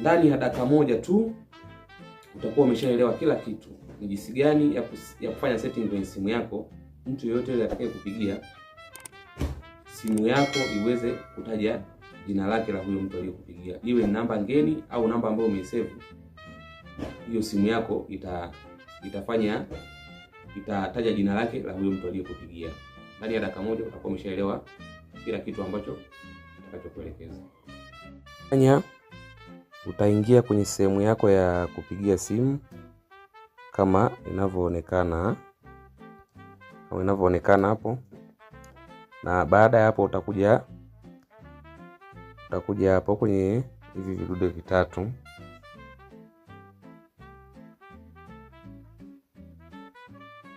ndani ya dakika moja tu utakuwa umeshaelewa kila kitu, ni jinsi gani ya, ya kufanya setting kwenye simu yako, mtu yeyote yule atakaye kupigia simu yako iweze kutaja jina lake la huyo mtu aliyokupigia iwe ni namba ngeni au namba ambayo umeisave. Hiyo simu yako ita itafanya itataja jina lake la huyo mtu aliyokupigia. Ndani ya dakika moja utakuwa umeshaelewa kila kitu ambacho utakachokuelekeza fanya Utaingia kwenye sehemu yako ya kupigia simu kama inavyoonekana kama inavyoonekana hapo, na baada ya hapo utakuja utakuja hapo kwenye hivi vidude vitatu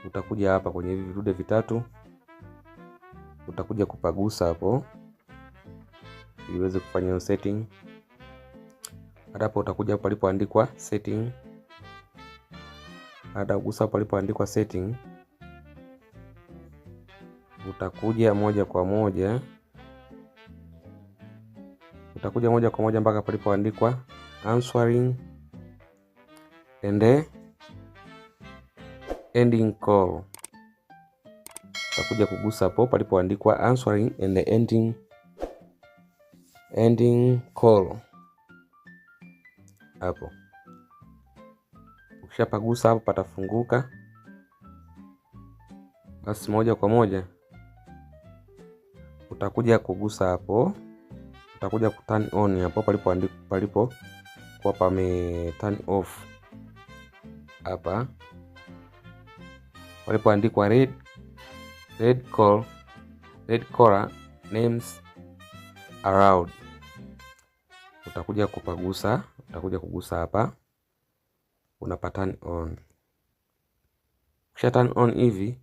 utakuja hapa kwenye hivi vidude vitatu utakuja kupagusa hapo ili uweze kufanya setting hata hapo utakuja palipoandikwa setting, hata ugusa palipoandikwa setting, utakuja moja kwa moja utakuja moja kwa moja mpaka palipoandikwa answering and ending call. Utakuja kugusa hapo palipoandikwa answering and ending ending call hapo. Ukishapagusa hapo patafunguka, basi moja kwa moja utakuja kugusa hapo, utakuja ku turn on hapo palipo palipo kwa pame turn off hapa palipoandikwa red red call red color names allowed utakuja kupagusa Nakuja kugusa hapa, unapa turn on. Kisha turn on hivi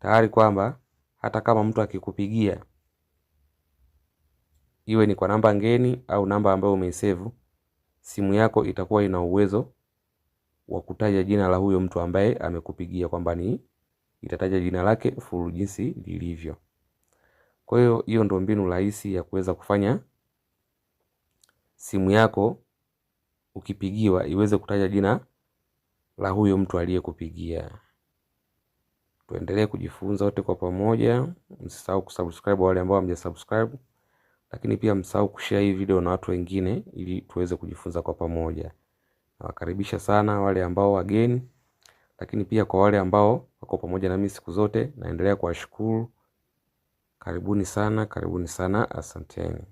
tayari kwamba hata kama mtu akikupigia iwe ni kwa namba ngeni au namba ambayo umeisevu, simu yako itakuwa ina uwezo wa kutaja jina la huyo mtu ambaye amekupigia, kwamba ni itataja jina lake full jinsi lilivyo. Kwa hiyo hiyo ndio mbinu rahisi ya kuweza kufanya simu yako ukipigiwa iweze kutaja jina la huyo mtu aliyekupigia. Tuendelee kujifunza wote kwa pamoja. Msisahau kusubscribe wale ambao hamjasubscribe, lakini pia msahau kushare hii video na watu wengine, ili tuweze kujifunza kwa pamoja. Nawakaribisha sana wale ambao wageni, lakini pia kwa wale ambao wako pamoja nami siku zote, naendelea kuwashukuru. Karibuni sana, karibuni sana, asanteni.